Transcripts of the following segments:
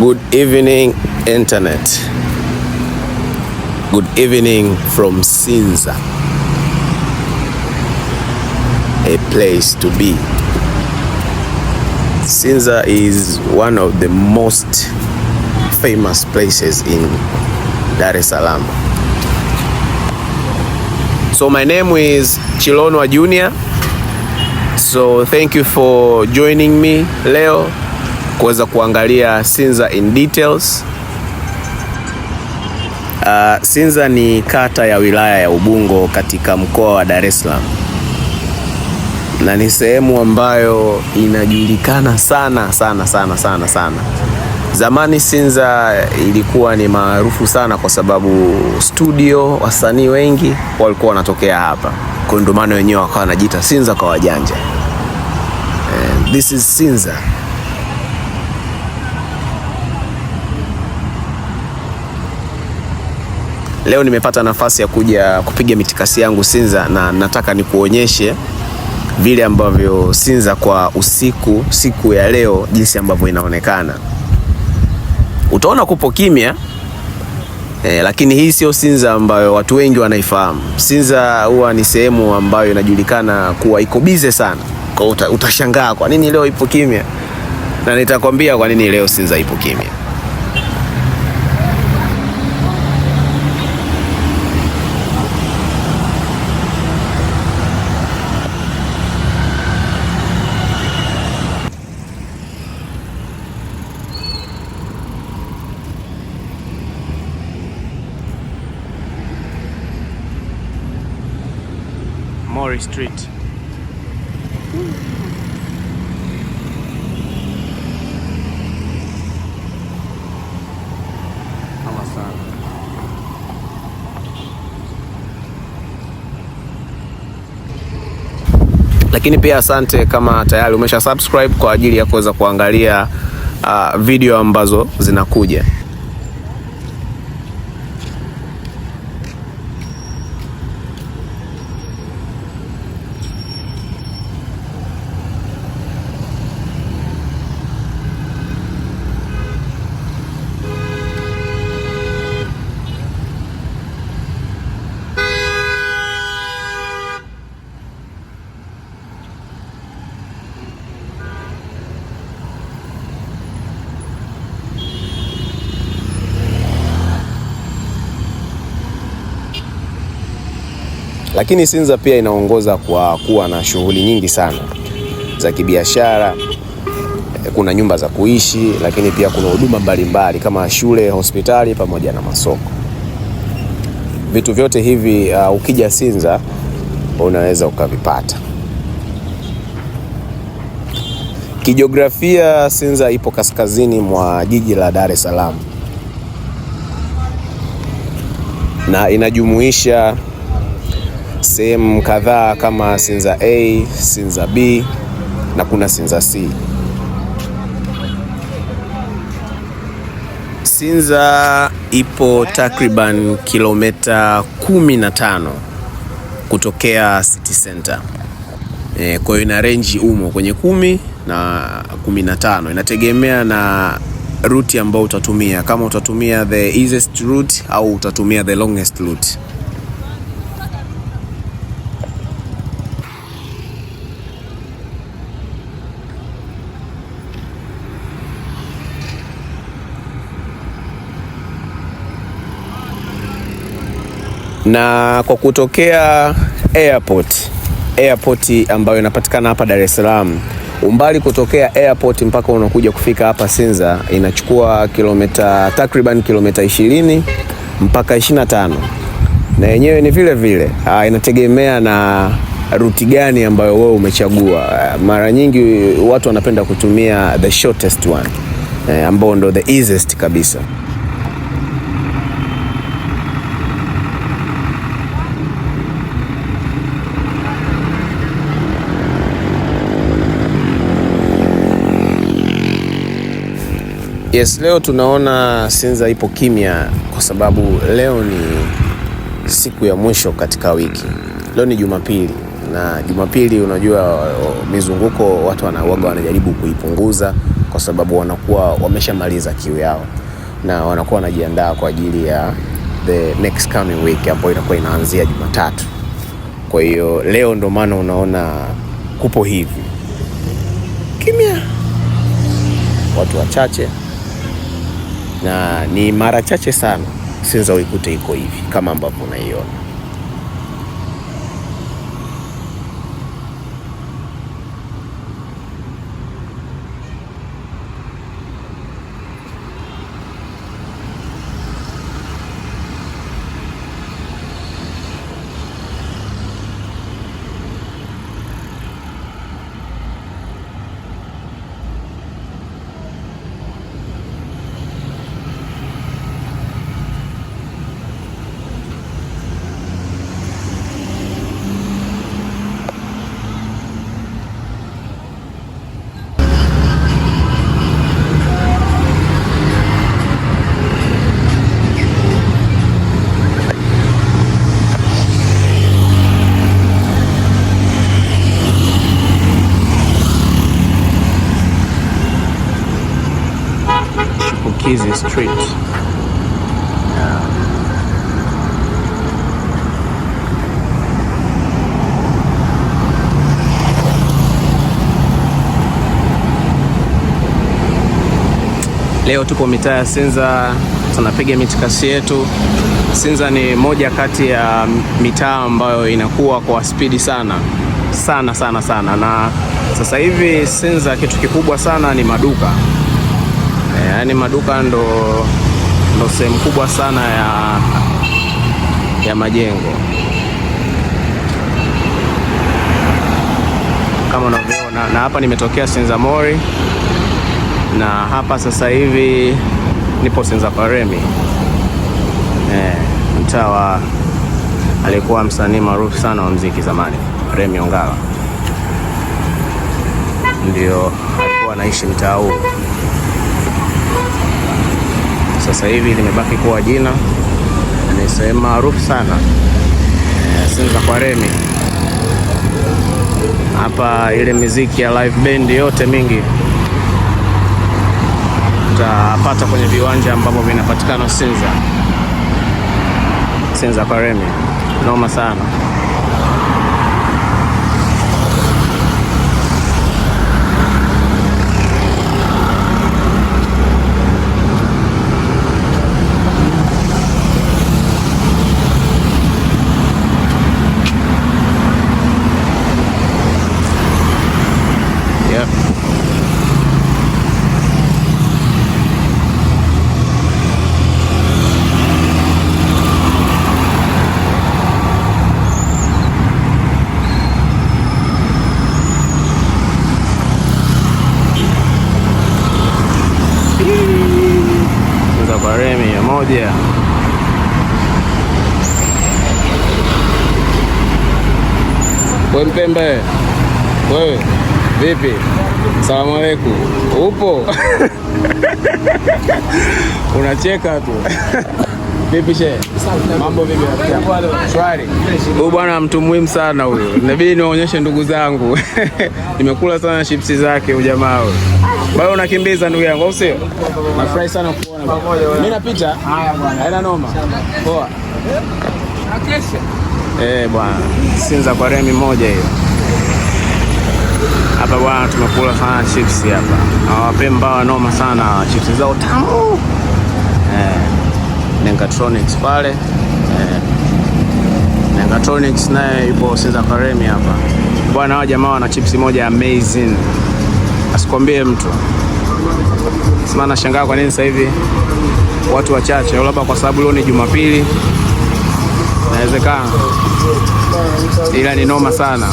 Good evening internet. Good evening from Sinza. A place to be. Sinza is one of the most famous places in Dar es Salaam. So my name is Chilonwa Junior. So thank you for joining me leo kuweza kuangalia Sinza in details. Uh, Sinza ni kata ya wilaya ya Ubungo katika mkoa wa Dar es Salaam na ni sehemu ambayo inajulikana sana sana sana sana sana. Zamani Sinza ilikuwa ni maarufu sana kwa sababu studio, wasanii wengi walikuwa wanatokea hapa, kwa ndio maana wenyewe wakawa wanajiita Sinza kwa wajanja. And eh, this is Sinza. Leo nimepata nafasi ya kuja kupiga mitikasi yangu Sinza, na nataka nikuonyeshe vile ambavyo Sinza kwa usiku siku ya leo jinsi ambavyo inaonekana. Utaona kupo kimya eh, lakini hii sio Sinza ambayo watu wengi wanaifahamu. Sinza huwa ni sehemu ambayo inajulikana kuwa iko bize sana, kwa utashangaa kwa nini leo ipo kimya, na nitakwambia kwa nini leo Sinza ipo kimya. Mary Street. Lakini pia asante kama tayari umesha subscribe kwa ajili ya kuweza kuangalia uh, video ambazo zinakuja. Lakini Sinza pia inaongoza kwa kuwa na shughuli nyingi sana za kibiashara. Kuna nyumba za kuishi, lakini pia kuna huduma mbalimbali kama shule, hospitali pamoja na masoko. Vitu vyote hivi uh, ukija Sinza unaweza ukavipata. Kijiografia, Sinza ipo kaskazini mwa jiji la Dar es Salaam na inajumuisha sehemu kadhaa kama Sinza A, Sinza B na kuna Sinza C. Sinza ipo takriban kilomita 15 kutokea city center. E, kwa hiyo ina range umo kwenye kumi na 15, inategemea na route ambayo utatumia, kama utatumia the easiest route au utatumia the longest route. na kwa kutokea airport airport ambayo inapatikana hapa Dar es Salaam, umbali kutokea airport mpaka unakuja kufika hapa Sinza inachukua kilomita takriban kilomita 20 mpaka 25, na yenyewe ni vile vile ha, ah, inategemea na ruti gani ambayo wewe umechagua. Ah, mara nyingi watu wanapenda kutumia the shortest one, ambayo eh, ambao ndo the easiest kabisa. Yes, leo tunaona Sinza ipo kimya kwa sababu leo ni siku ya mwisho katika wiki. Leo ni Jumapili na Jumapili, unajua mizunguko watu wanawaga wanajaribu kuipunguza kwa sababu wanakuwa wameshamaliza kiu yao na wanakuwa wanajiandaa kwa ajili ya the next coming week ambayo inakuwa inaanzia Jumatatu. Kwa hiyo leo ndo maana unaona kupo hivi kimya, watu wachache na ni mara chache sana Sinza uikute iko hivi kama ambavyo unaiona. hizi street Leo tupo mitaa ya Sinza tunapiga mitikasi yetu. Sinza ni moja kati ya mitaa ambayo inakuwa kwa spidi sana sana sana sana, na sasa hivi Sinza kitu kikubwa sana ni maduka yaani maduka ndo, ndo sehemu kubwa sana ya, ya majengo kama unavyoona, na hapa nimetokea Mori na hapa sasa hivi nipo Paremi eh, mtaa wa alikuwa msanii maarufu sana wa mziki zamani Remi Ongala, ndio alikuwa anaishi mtaa huu sasa hivi limebaki kuwa jina, ni sehemu maarufu sana e, eh, Sinza remi Hapa ile miziki ya live band yote mingi utapata kwenye viwanja ambavyo vinapatikana Sinza, Sinza Remi, noma sana. Mpembe, wewe vipi? Salamu aleku, upo? unacheka tu vipi she, mambo vipi? Shwari. Huyu bwana mtu muhimu sana huyu, inabidi niwaonyeshe ndugu zangu nimekula sana chipsi zake ujamaa huyu. Bado unakimbiza ndugu yangu, au sio? Nafurahi sana kuona. Mimi napita. Haya bwana, haina noma. Poa. Eh, bwana Sinza kwa remi moja hiyo hapa bwana, tumekula sana chips hapa. Hawapembawa noma sana, chips zao tamu eh, Nengatronics pale eh, Nengatronics naye ipo Sinza kwa remi hapa bwana. Hao jamaa wana chips moja amazing, asikwambie mtu sima. Nashangaa kwa nini sasa hivi watu wachache, labda kwa sababu leo ni Jumapili, nawezekana ila ni noma sana.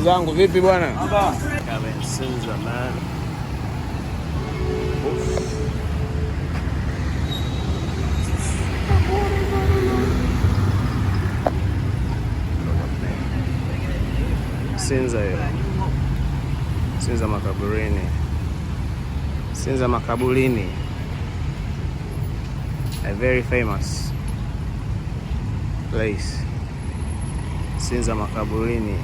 zangu vipi bwana? Sinza hiyo. Sinza makaburini. Sinza makaburini. A very famous place. Sinza makaburini.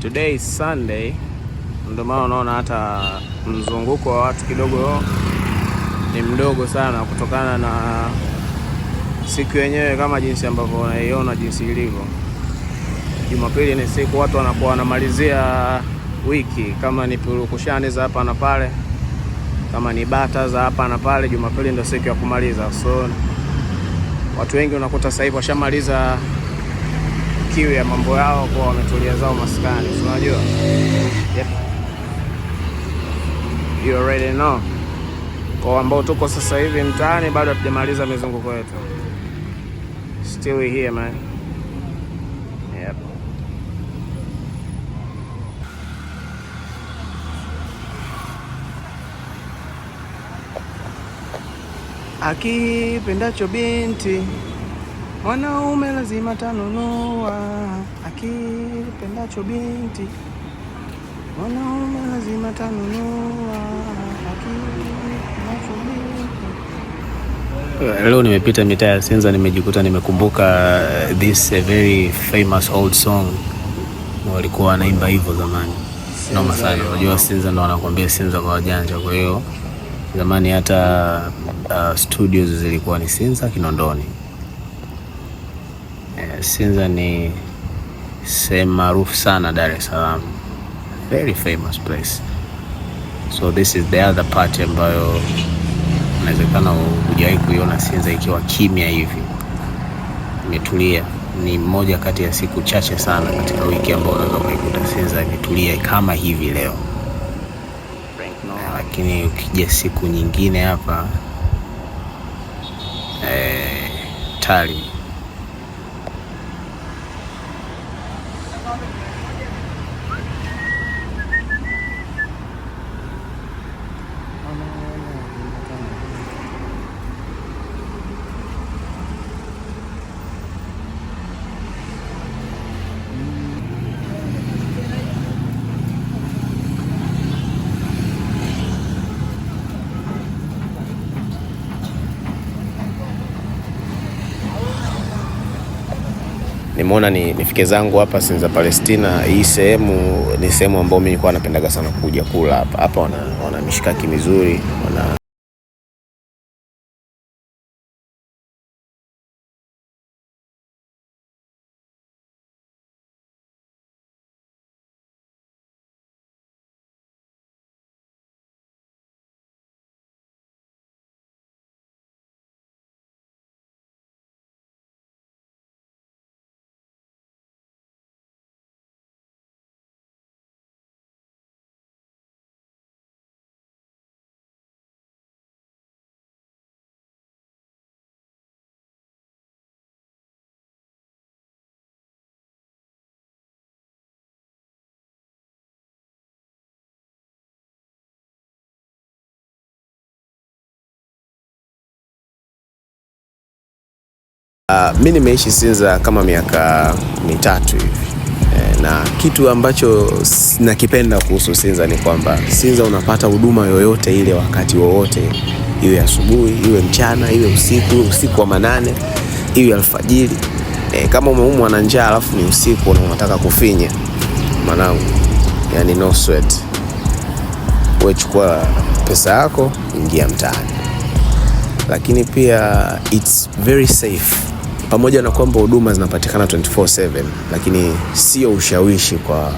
Today is Sunday, ndio maana unaona hata mzunguko wa watu kidogo ni mdogo sana, kutokana na siku yenyewe kama jinsi ambavyo unaiona jinsi ilivyo. Jumapili ni siku watu wanakuwa wanamalizia wiki, kama ni purukushani za hapa na pale, kama ni bata za hapa na pale, Jumapili ndio siku ya kumaliza. So watu wengi unakuta sasa hivi washamaliza kiu ya mambo yao, kwa wametulia zao maskani, unajua yep. You already know. Kwa ambao tuko sasa hivi mtaani bado hatujamaliza mizunguko yetu, still here man. Akipendacho binti mwanaume lazima tanunua, akipendacho binti mwanaume lazima tanunua. Eh, leo nimepita mitaa ya Sinza, nimejikuta nimekumbuka eh, this a very famous old song, walikuwa wanaimba hivyo zamani. Noma sana. Unajua Sinza ndo wanakuambia Sinza kwa wajanja, kwa hiyo zamani hata uh, studios zilikuwa ni Sinza Kinondoni. Eh, Sinza ni sehemu maarufu sana Dar es Salaam, very famous place. So this is the other part ambayo inawezekana hujawahi kuiona Sinza ikiwa kimya hivi imetulia. Ni moja kati ya siku chache sana katika wiki ambayo unaweza kuikuta Sinza imetulia kama hivi leo, lakini ukija siku nyingine hapa eh, tali nimeona nifike zangu hapa Sinza Palestina. Hii sehemu ni sehemu ambayo mimi nilikuwa napendaga sana kuja kula hapa hapa, wana, wana mishikaki mizuri Uh, ah, mi nimeishi Sinza kama miaka mitatu hivi e, na kitu ambacho nakipenda kuhusu Sinza ni kwamba Sinza unapata huduma yoyote ile wakati wowote, iwe asubuhi, iwe mchana, iwe usiku, iwe usiku wa manane, iwe alfajiri e, kama umeumwa na njaa alafu ni usiku na unataka kufinya, mwanangu, yani no sweat, wewe chukua pesa yako, ingia mtaani, lakini pia it's very safe pamoja na kwamba huduma zinapatikana 24/7 lakini sio ushawishi kwa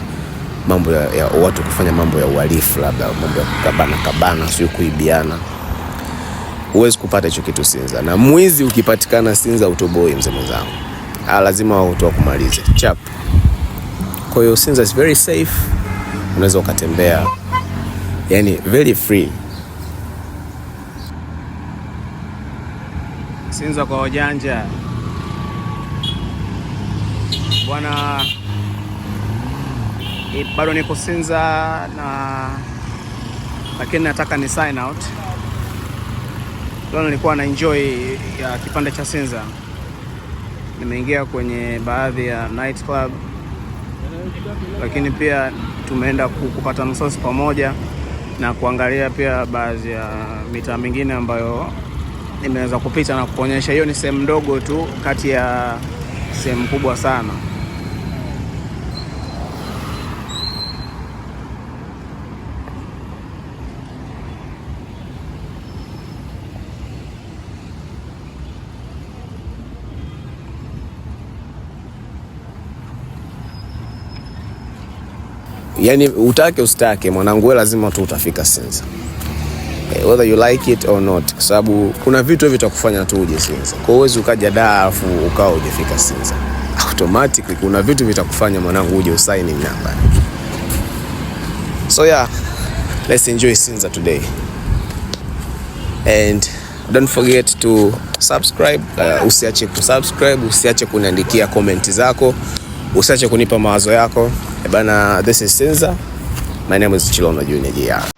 mambo ya, ya watu kufanya mambo ya uhalifu, labda mambo ya kukabana kabana, sio kuibiana. Huwezi kupata hicho kitu Sinza, na mwizi ukipatikana Sinza utoboi, mzee mwenzangu, ah, lazima utoa wakumalize chap. Kwa hiyo Sinza is very safe, unaweza ukatembea yani very free Sinza kwa wajanja bwana e, bado niko Sinza na lakini nataka ni sign out. Leo nilikuwa na enjoy ya kipande cha Sinza, nimeingia kwenye baadhi ya night club, lakini pia tumeenda kupata msosi pamoja na kuangalia pia baadhi ya mitaa mingine ambayo nimeweza kupita na kuonyesha. Hiyo ni sehemu ndogo tu kati ya sehemu kubwa sana. yani utake usitake mwanangu wewe lazima tu utafika Sinza eh, whether you like it or not, kwa sababu kuna vitu hivi vitakufanya tu uje Sinza. Kwa hiyo ukaja Dar afu ukawa hujafika Sinza. Automatically kuna vitu vitakufanya mwanangu uje usaini namba. So yeah, let's enjoy Sinza today. And don't forget to subscribe, uh, usiache kusubscribe, usiache kuniandikia comment zako. Usiache kunipa mawazo yako. Eh bana, this is Sinza. My name is Chilono Junior.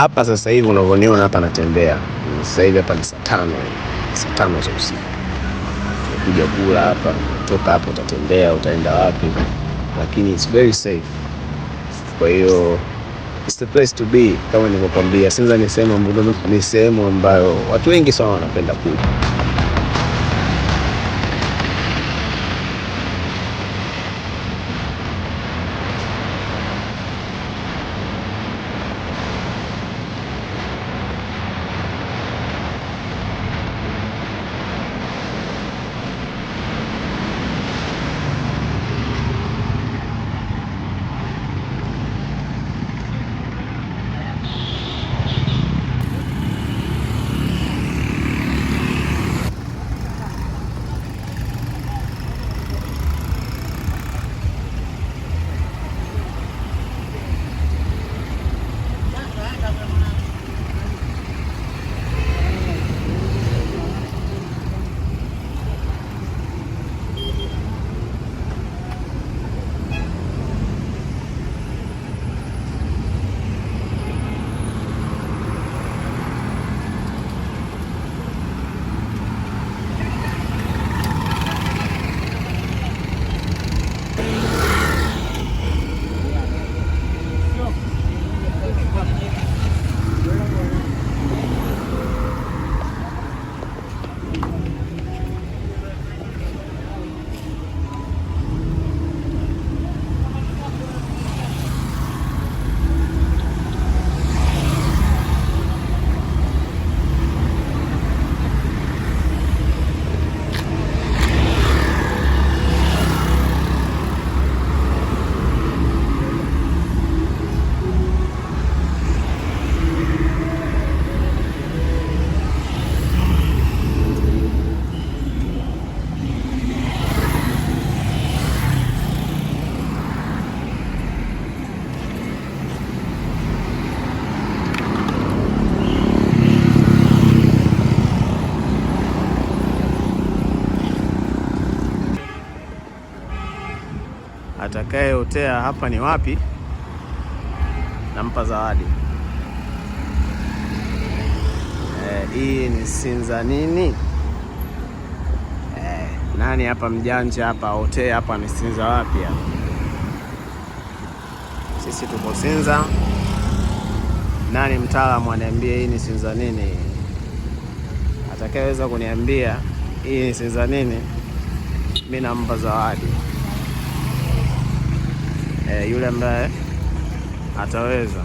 hapa sasa hivi unavyoniona hapa natembea sasa hivi, hapa ni saa tano, saa tano za usiku. Kuja kula hapa, kutoka hapa utatembea, utaenda wapi? Lakini it's very safe, kwa hiyo it's the place to be. Kama nilivyokwambia, Sinza ni sehemu ambayo ni sehemu ambayo watu wengi sana wanapenda kuja. atakayeotea hapa ni wapi, nampa zawadi eh, hii. ni Sinza nini? eh, nani hapa mjanja hapa aotee hapa ni Sinza wapi hapa? Sisi tuko Sinza. Nani mtaalamu aniambie hii ni Sinza nini? Atakayeweza kuniambia hii ni Sinza nini, mimi nampa zawadi eh, yule ambaye ataweza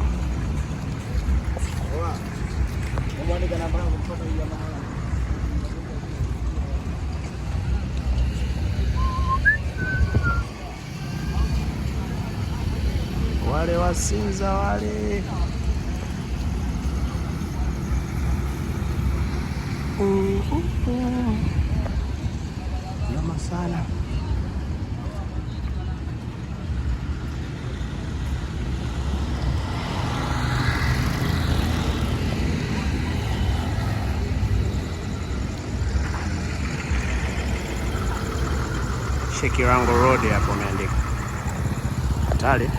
wale wasinza wale uh, uh, uh. Nyama sana. Kirango Road hapo umeandika hatari.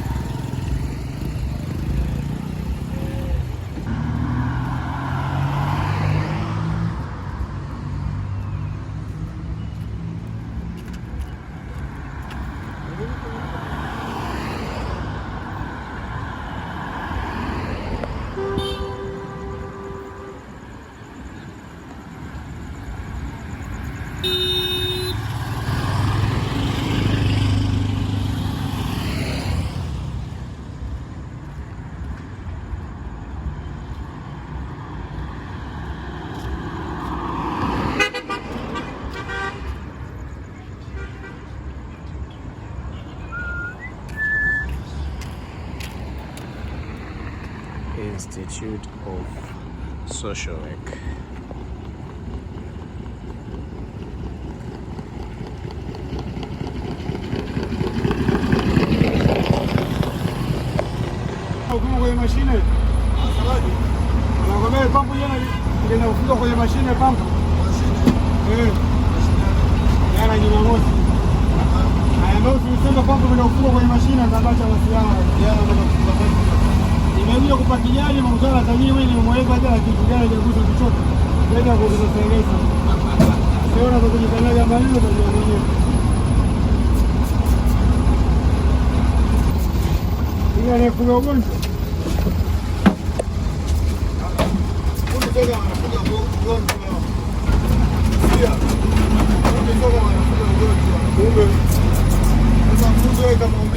Institute of Social Work. kwenye mashine anakwambia pampu jana inafuka kwenye mashine Yeah, jana Jumamosi anaambia usisema pampu inafuka kwenye mashine tabacha wasiao Nakuja kupakijani mkutano tajiri mimi nimemweleza hata kitu gani cha kuhusu kichoto. Nenda kukueleza. Sio na kujitangaza jambo hilo tajiri mwenyewe. Ile ni kuna ugonjwa. Kumbe. Sasa mtu wewe kama